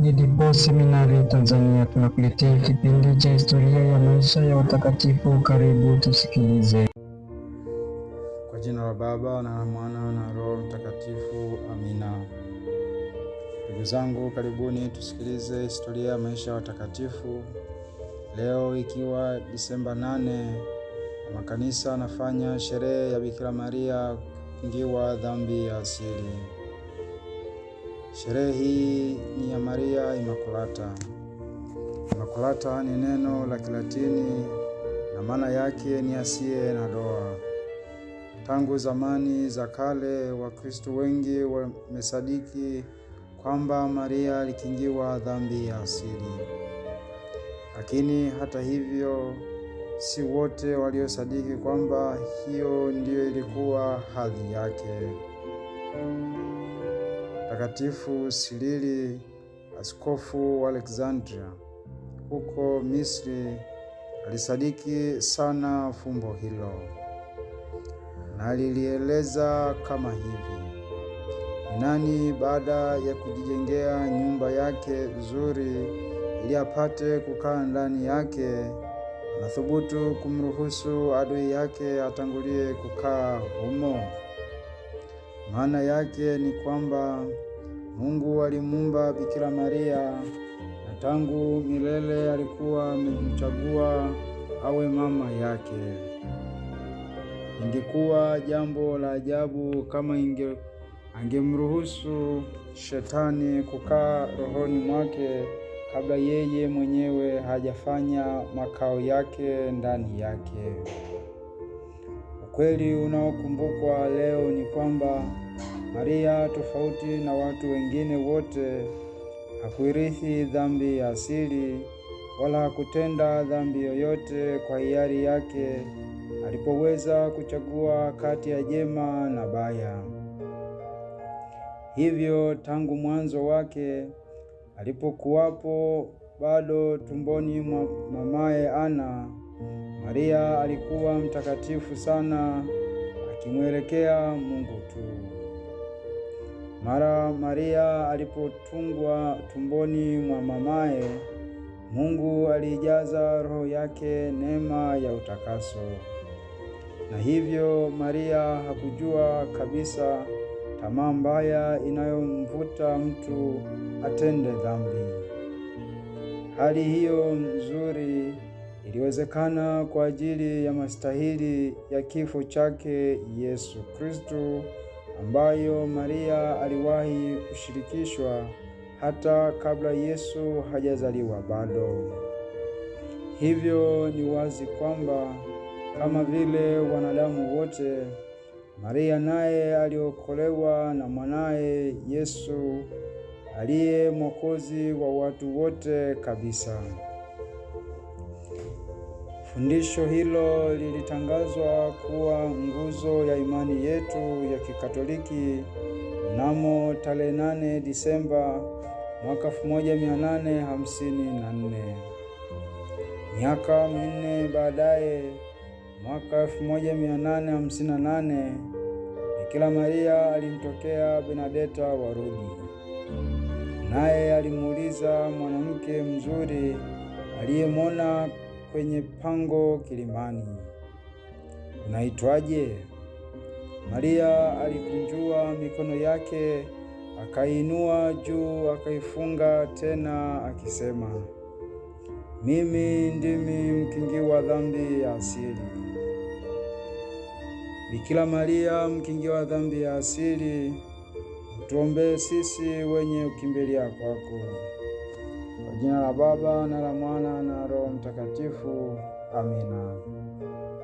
Nidipo Seminari Tanzania tunakuletea kipindi cha historia ya maisha ya watakatifu. Karibu tusikilize. Kwa jina la Baba na Mwana na Roho Mtakatifu, amina. Ndugu zangu, karibuni tusikilize historia ya maisha ya watakatifu leo, ikiwa Disemba 8 Makanisa anafanya sherehe ya Bikira Maria kufungiwa dhambi ya asili. Sherehe hii ni ya Maria Imakulata. Imakulata ni neno la Kilatini na maana yake ni asiye na doa. Tangu zamani za kale, Wakristo wengi wamesadiki kwamba Maria alikingiwa dhambi ya asili, lakini hata hivyo Si wote waliosadiki kwamba hiyo ndiyo ilikuwa hadhi yake. Mtakatifu Silili, askofu wa Alexandria huko Misri, alisadiki sana fumbo hilo na lilieleza kama hivi: nani baada ya kujijengea nyumba yake nzuri ili apate kukaa ndani yake nathubutu kumruhusu adui yake atangulie kukaa humo. Maana yake ni kwamba Mungu alimuumba Bikira Maria na tangu milele alikuwa amemchagua awe mama yake. Ingekuwa jambo la ajabu kama inge angemruhusu shetani kukaa rohoni mwake kabla yeye mwenyewe hajafanya makao yake ndani yake. Ukweli unaokumbukwa leo ni kwamba Maria, tofauti na watu wengine wote, hakuirithi dhambi ya asili wala hakutenda dhambi yoyote kwa hiari yake alipoweza kuchagua kati ya jema na baya. Hivyo tangu mwanzo wake Alipokuwapo bado tumboni mwa mamaye Ana, Maria alikuwa mtakatifu sana, akimwelekea Mungu tu. Mara Maria alipotungwa tumboni mwa mamaye, Mungu alijaza roho yake neema ya utakaso. Na hivyo Maria hakujua kabisa tamaa mbaya inayomvuta mtu atende dhambi. Hali hiyo nzuri iliwezekana kwa ajili ya mastahili ya kifo chake Yesu Kristo, ambayo Maria aliwahi kushirikishwa hata kabla Yesu hajazaliwa bado. Hivyo ni wazi kwamba kama vile wanadamu wote Maria naye aliokolewa na mwanaye Yesu aliye mwokozi wa watu wote kabisa. Fundisho hilo lilitangazwa kuwa nguzo ya imani yetu ya Kikatoliki mnamo tarehe 8 Disemba mwaka 1854. Miaka minne baadaye 1858 Bikira Maria alimtokea Benadeta wa Rudi, naye alimuuliza mwanamke mzuri aliyemwona kwenye pango kilimani, unaitwaje? Maria alikunjua mikono yake akainua juu akaifunga tena, akisema, mimi ndimi mkingi wa dhambi ya asili. Bikira Maria, mkingi wa dhambi ya asili, utuombee sisi wenye ukimbilia kwako. Kwa jina la Baba na la Mwana na Roho Mtakatifu. Amina.